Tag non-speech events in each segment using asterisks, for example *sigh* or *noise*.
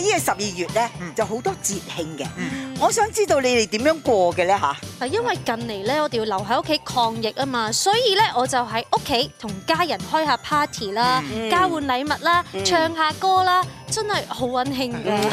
呢個十二月咧，就好多節慶嘅。我想知道你哋點樣過嘅咧吓，係因為近嚟咧，我哋要留喺屋企抗疫啊嘛，所以咧我就喺屋企同家人開下 party 啦，交換禮物啦，唱下歌啦，真係好溫馨㗎。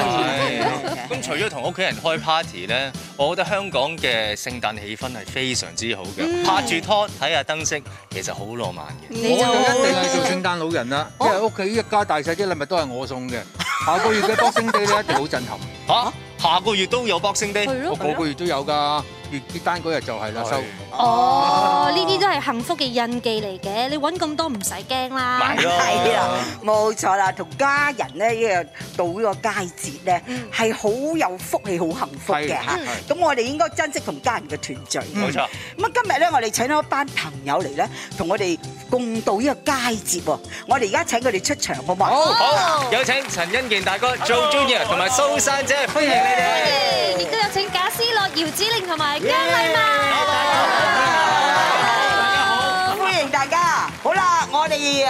咁除咗同屋企人開 party 咧，我覺得香港嘅聖誕氣氛係非常之好嘅，拍住拖睇下燈飾，其實好浪漫嘅。我最近定係做聖誕老人啦，因為屋企一家大細啲禮物都係我送嘅。下個月嘅升跌呢，一定好震撼嚇，下個月都有博升跌，我個個月都有㗎。月結單嗰日就係啦收。哦，呢啲都係幸福嘅印記嚟嘅，你揾咁多唔使驚啦。係啊，冇錯啦，同家人咧呢度到呢個佳節咧，係好有福氣、好幸福嘅吓。咁我哋應該珍惜同家人嘅團聚。冇錯。咁啊，今日咧我哋請咗班朋友嚟咧，同我哋共度呢個佳節。我哋而家請佢哋出場好唔好？好，有請陳欣健大哥、Joe Junior 同埋蘇珊姐，歡迎你哋。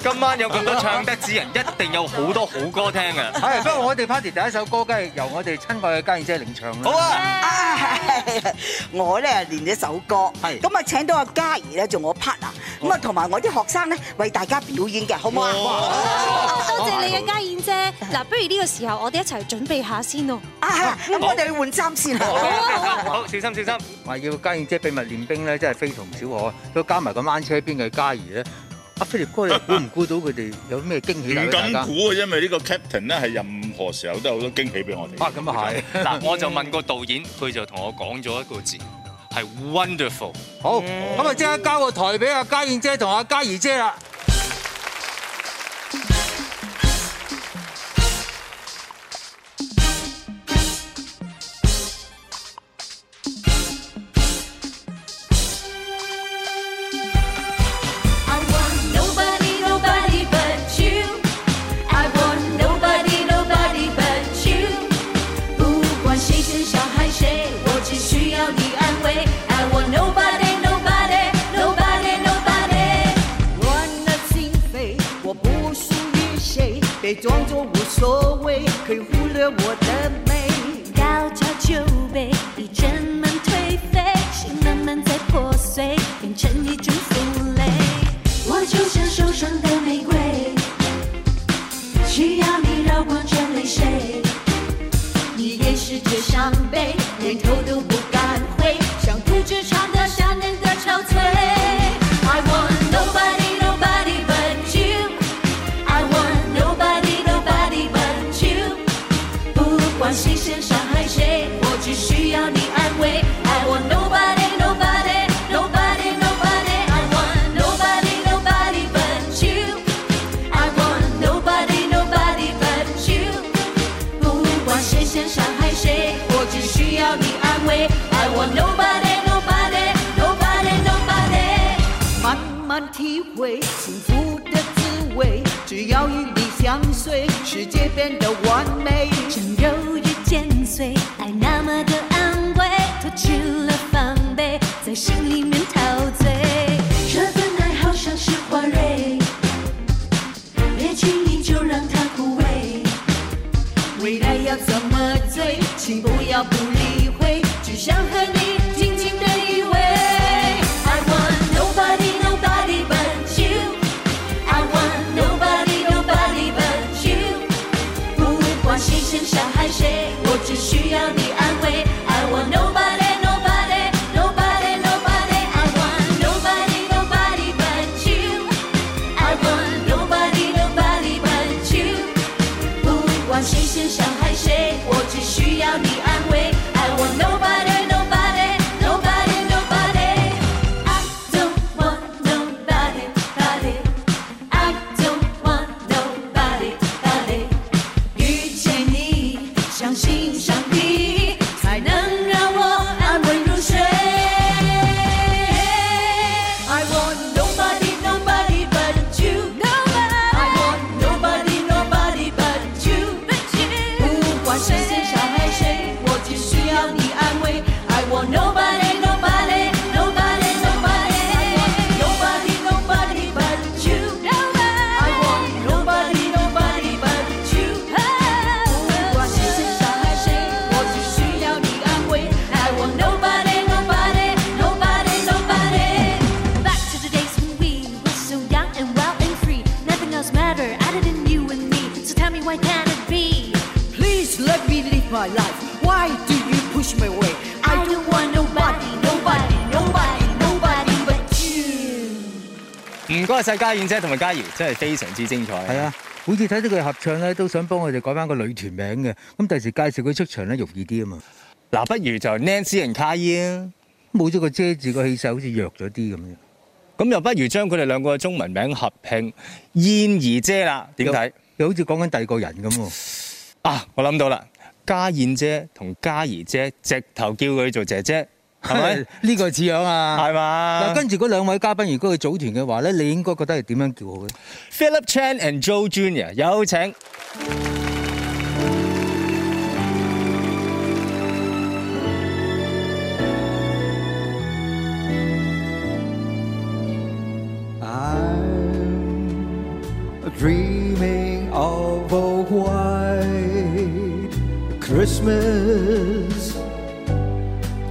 今晚有咁多唱得之人，一定有好多好歌聽嘅。係，不過我哋 party 第一首歌，梗係由我哋親愛嘅家燕姐領唱啦。好啊，我咧練一首歌，咁啊請到阿嘉儀咧做我 partner，咁啊同埋我啲學生咧為大家表演嘅，好唔好啊？多謝你啊，家燕姐。嗱，不如呢個時候我哋一齊準備下先咯。啊，咁我哋要換衫先啊。好啊，好，小心小心。話要家燕姐秘密練兵咧，真係非同小可，都加埋個纜車邊嘅嘉儀咧。阿 Philip 哥，又估唔估到佢哋有咩驚喜？唔敢估啊，因為呢個 captain 咧係任何時候都好多驚喜俾我哋。啊，咁啊係。嗱， *laughs* 我就問個導演，佢就同我講咗一個字，係 Wonderful。嗯、好，咁啊，即刻交個台俾阿家燕姐同阿嘉儀姐啦。多謝家燕姐同埋嘉儀，真係非常之精彩。係啊，每次睇到佢合唱咧，都想幫我哋改翻個女團名嘅。咁第時介紹佢出場咧，容易啲啊嘛。嗱、啊，不如就 Nancy 同 Kay 啊，冇咗個姐字個氣勢，氣勢好似弱咗啲咁樣。咁又不如將佢哋兩個嘅中文名合拼：「燕兒姐」啦，點解？又好似講緊第二個人咁喎。 *laughs* 啊，我諗到啦，家燕姐同嘉儀姐，直頭叫佢做姐姐。係咪？呢 *laughs* 個係似樣啊吧，係嘛？跟住嗰兩位嘉賓，如果去組團嘅話咧，你應該覺得係點樣叫好？Philip Chan and Joe Junior 有請。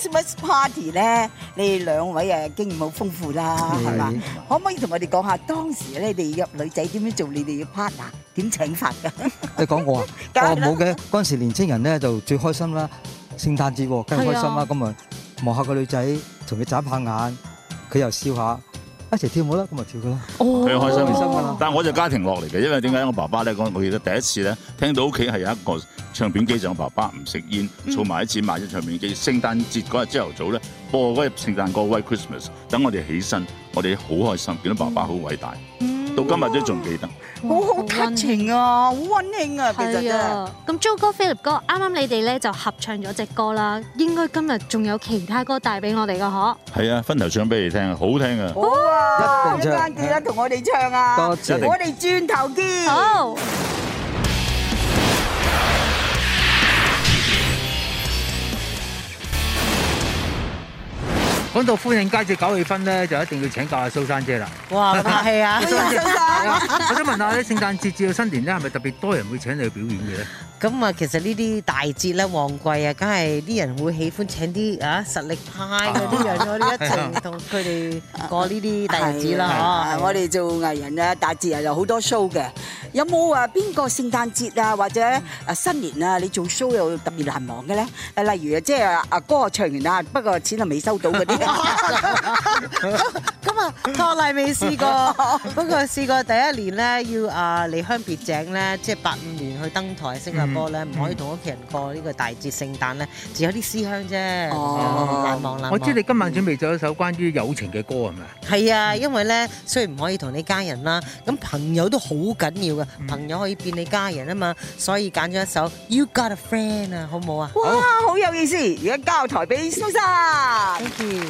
Christmas party 咧，你哋兩位誒經驗好豐富啦，係嘛是？可唔可以同我哋講下當時咧，你哋約女仔點樣做你 ner, 樣？你哋嘅 partner 點請法㗎？你講然我啊，我冇嘅。嗰陣時年青人咧就最開心啦，聖誕節梗係開心啦，咁是啊望下個女仔，同佢眨下眼，佢又笑下。一齊跳舞啦，咁咪跳嘅啦。佢開心，但係我就家庭樂嚟嘅，因為點解我爸爸咧講，我記得第一次咧聽到屋企係有一個唱片機，就我爸爸唔食煙，儲埋啲錢買咗唱片機。聖誕節嗰日朝頭早咧播嗰日聖誕歌《White Christmas》，等我哋起身，我哋好開心，見到爸爸好偉大。到今日都仲記得，好好劇情啊，好溫馨啊，係啊。咁 Jo 哥、Philip 哥，啱啱你哋咧就合唱咗隻歌啦，應該今日仲有其他歌帶俾我哋嘅嗬？係啊，分頭唱俾你聽啊，好聽啊！哇，一陣間記得同我哋唱啊，我哋轉頭見。講到歡慶佳節搞氣氛咧，就一定要請教阿蘇姍姐啦！哇，拍戲啊！ *laughs* 蘇姍姐，我想問下咧，聖誕節至到新年咧，係咪特別多人會請你去表演嘅咧？咁啊，其實呢啲大節咧、旺季啊，梗係啲人會喜歡請啲啊實力派嗰啲、哦、人一齊同佢哋過呢啲大節啦。我哋 *laughs* 做藝人啊，大節啊有好多 show 嘅。有冇啊？邊個聖誕節啊或者啊新年啊，你做 show 有特別難忘嘅咧？誒，例如啊，即係阿哥唱完啦，不過錢係未收到啲。你咁啊，拖泥未試過，不過試過第一年咧，要啊離鄉別井咧，即係八五年去登台新加坡咧，唔可以同屋企人過呢個大節聖誕咧，就有啲思鄉啫，哦、難忘難忘。我知你今晚準備咗一首關於友情嘅歌係咪？係、嗯、嗎啊，因為咧，雖然唔可以同你家人啦，咁朋友都好緊要噶，朋友可以變你家人啊嘛，所以揀咗一首 You Got a Friend 啊，好唔好啊？好哇，好有意思！而家交台俾先 t h a n k you。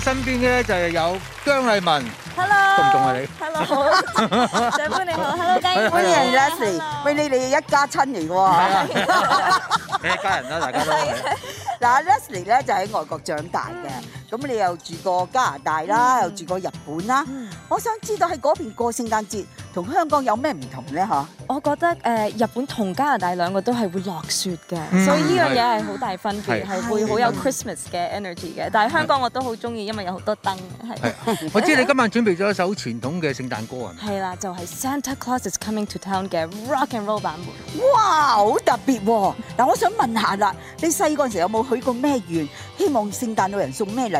身邊嘅咧就係有姜麗文，hello，仲唔仲啊你？hello，好，長官你好，hello，姜，歡迎 Leslie，喂，你哋一家親嚟喎，係啊，一家人啦，大家都係。嗱，Leslie 咧就喺外國長大嘅。咁你又住過加拿大啦，又住過日本啦，我想知道喺嗰邊過聖誕節同香港有咩唔同咧？嚇，我覺得誒日本同加拿大兩個都係會落雪嘅，所以呢樣嘢係好大分別，係會好有 Christmas 嘅 energy 嘅。但係香港我都好中意，因為有好多燈。係啊，我知你今晚準備咗一首傳統嘅聖誕歌啊。係啦，就係 Santa Claus is Coming to Town 嘅 Rock and Roll 版本。哇，好特別喎！嗱，我想問下啦，你細個嗰陣時有冇去過咩園？希望聖誕老人送咩禮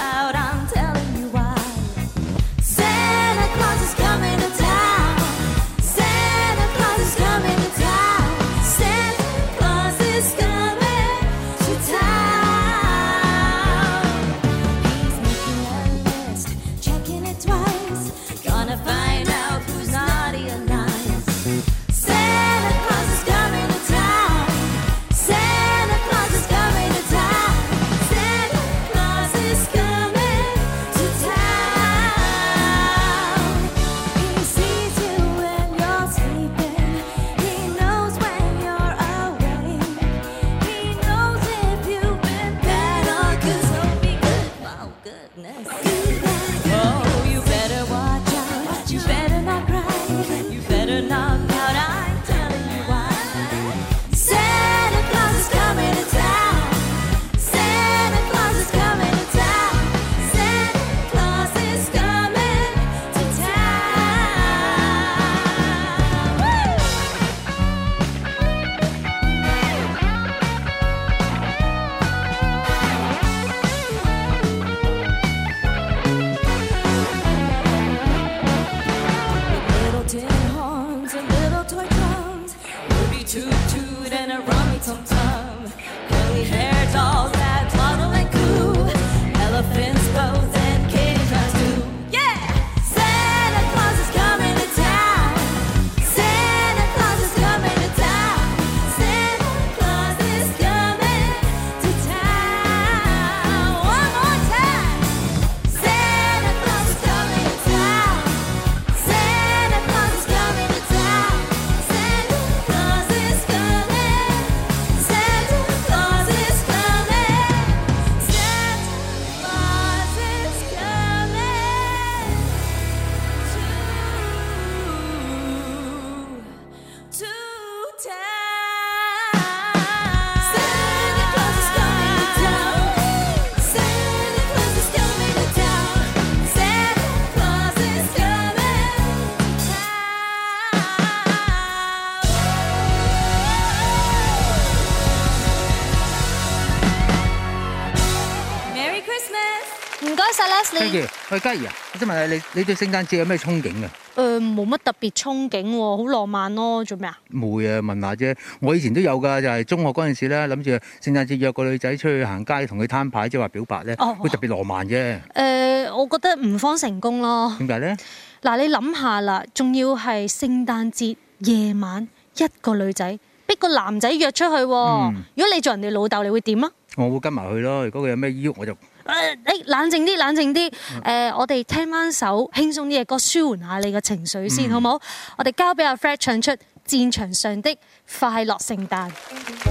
喂，嘉儀啊，我先問下你，你對聖誕節有咩憧憬啊？誒、呃，冇乜特別憧憬喎，好浪漫咯，做咩啊？唔啊，問下啫。我以前都有噶，就係、是、中學嗰陣時咧，諗住聖誕節約個女仔出去行街，同佢攤牌，即係話表白咧，好、哦、特別浪漫啫。誒、呃，我覺得唔方成功咯。點解咧？嗱，你諗下啦，仲要係聖誕節夜晚一個女仔逼個男仔約出去，嗯、如果你做人哋老豆，你會點啊？我會跟埋去咯。如果佢有咩喐，我就。誒，冷靜啲，冷靜啲。誒、呃，我哋聽翻首輕鬆啲嘅歌，舒緩下你嘅情緒先，好唔好？嗯、我哋交俾阿 Fred 唱出《戰場上的快樂聖誕》嗯。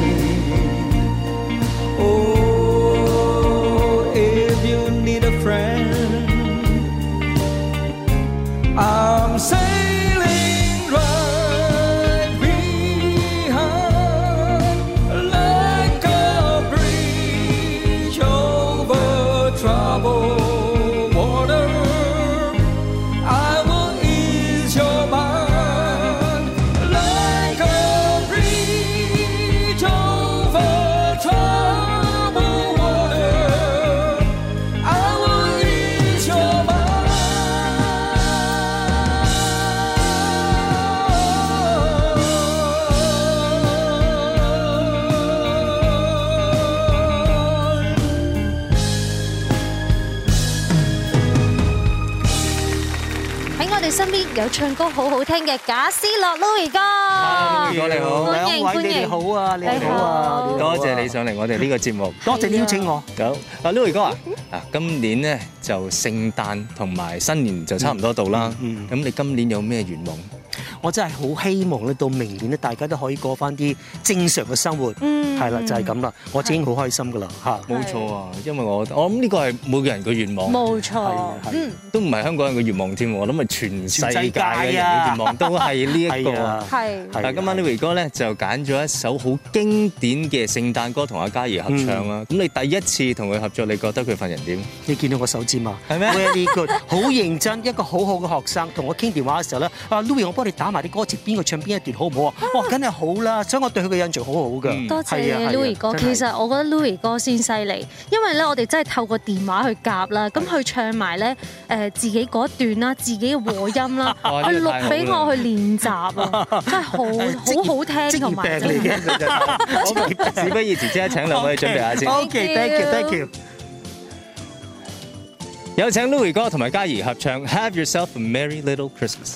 有唱歌好好聽嘅賈思樂 Louie 哥，Louie 哥你好，兩位你哋好啊，你好啊，多謝你上嚟我哋呢個節目，多謝你邀請我。好，啊 Louie 哥啊，啊今年咧就聖誕同埋新年就差唔多到啦，咁你今年有咩願望？我真係好希望咧，到明年咧，大家都可以過翻啲正常嘅生活，係啦，就係咁啦。我已經好開心噶啦，嚇！冇錯啊，因為我我諗呢個係每個人嘅願望。冇錯，都唔係香港人嘅願望添，我諗係全世界嘅人嘅願望都係呢一個。係。但係今晚 Louis 哥咧就揀咗一首好經典嘅聖誕歌同阿嘉儀合唱啊！咁你第一次同佢合作，你覺得佢份人點？你見到我手指嘛？係咩？Very good，好認真，一個好好嘅學生。同我傾電話嘅時候咧，啊 Louis，我幫你打。埋啲歌詞，邊個唱邊一段好唔好啊？哇，梗係好啦，所以我對佢嘅印象好好噶。多謝 Louis 哥，其實我覺得 Louis 哥先犀利，因為咧我哋真係透過電話去夾啦。咁佢唱埋咧誒自己嗰段啦，自己嘅和音啦，去錄俾我去練習啊，真係好好好聽。同埋，職業病嚟嘅，事不宜遲，即刻請兩位準備下先。OK，thank you，thank you。有請 Louis 哥同埋嘉儀合唱《Have Yourself a Merry Little Christmas》。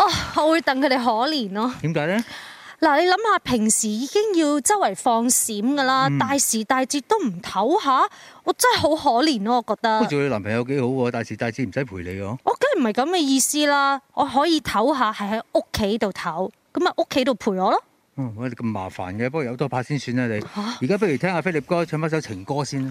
哦，我會戥佢哋可憐咯、啊。點解咧？嗱，你諗下平時已經要周圍放閃噶啦，大時大節都唔唞下，我真係好可憐咯。我覺得做你男朋友幾好喎，大時大節唔使陪你嘅。我梗係唔係咁嘅意思啦，我可以唞下，係喺屋企度唞，咁啊屋企度陪我咯。嗯，咁麻煩嘅，不過有多拍先算啦、啊。你而家、啊、不如聽下菲力哥唱一首情歌先。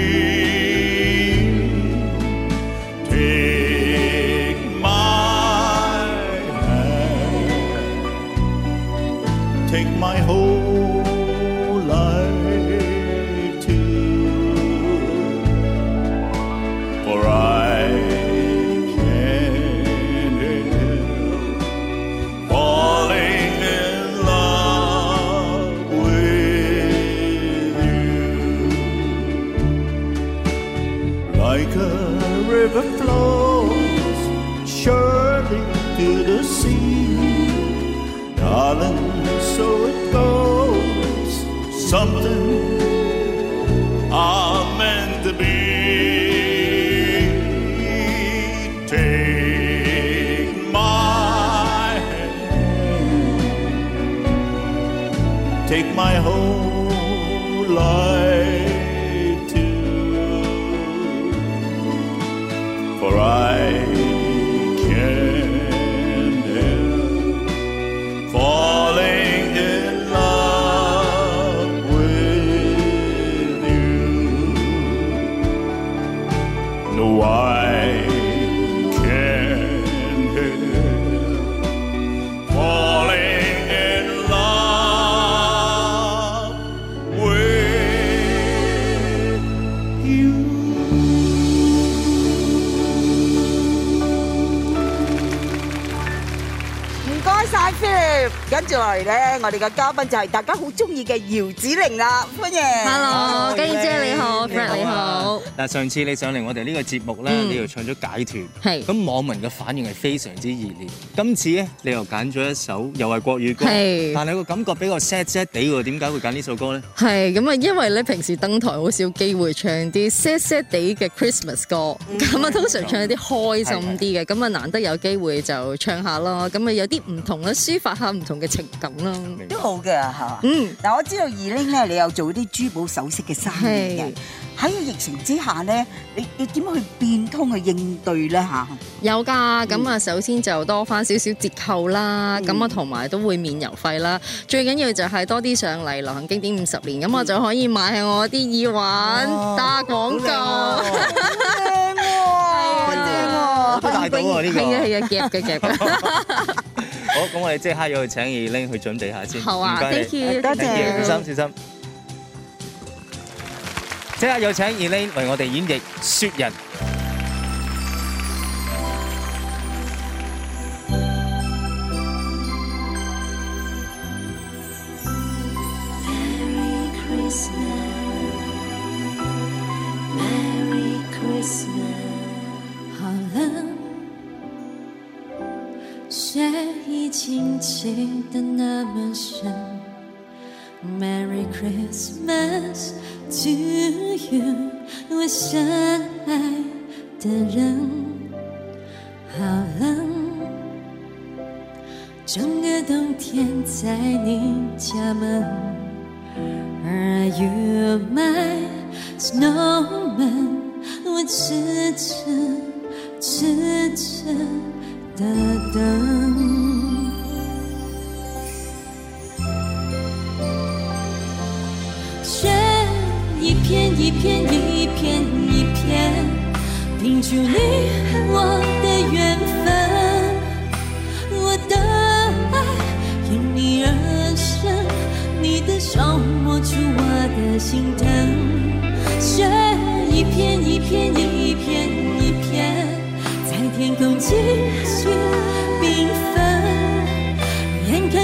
跟住落嚟咧，我哋嘅嘉賓就係大家好中意嘅姚子羚啦，歡迎。Hello，家燕姐你好，Fred 你好。嗱，上次你上嚟我哋呢個節目咧，你又唱咗《解脫》，咁網民嘅反應係非常之熱烈。今次咧，你又揀咗一首又係國語歌，但係個感覺比較 sad sad 啲喎，點解會揀呢首歌咧？係咁啊，因為咧平時登台好少機會唱啲 sad sad 啲嘅 Christmas 歌，咁啊通常唱一啲開心啲嘅，咁啊難得有機會就唱下咯，咁啊有啲唔同啦，抒發下唔同嘅。情感啦，都好嘅嚇。嗯，嗱，我知道二羚咧，你有做啲珠寶首飾嘅生意嘅。喺個疫情之下咧，你你點樣去變通去應對咧嚇？有㗎，咁啊首先就多翻少少折扣啦，咁啊同埋都會免郵費啦。最緊要就係多啲上嚟流行經典五十年，咁我就可以賣下我啲耳環打廣告。好正喎！好正喎！好大肚喎！呢個係啊係啊，夾嘅夾。好，咁我哋即刻要去請依 ling 去準備一下先，唔該、啊，多謝，小心小心。即刻 *noise* 要請依 ling 為我哋演繹雪人。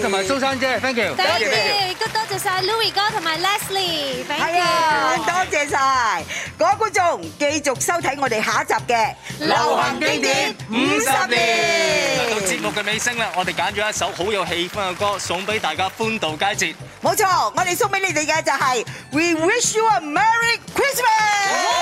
同埋蘇姍姐，thank you，多謝，咁多謝晒 Louis 哥同埋 Leslie，thank you，多謝晒，各位觀眾繼續收睇我哋下一集嘅流行經典五十年。到節目嘅尾聲啦，我哋揀咗一首好有氣氛嘅歌送俾大家歡度佳節。冇錯，我哋送俾你哋嘅就係 We Wish You A Merry Christmas。